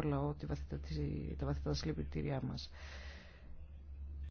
τουρκικό λαό τη τα βαθύτατα συλληπιτήριά μας.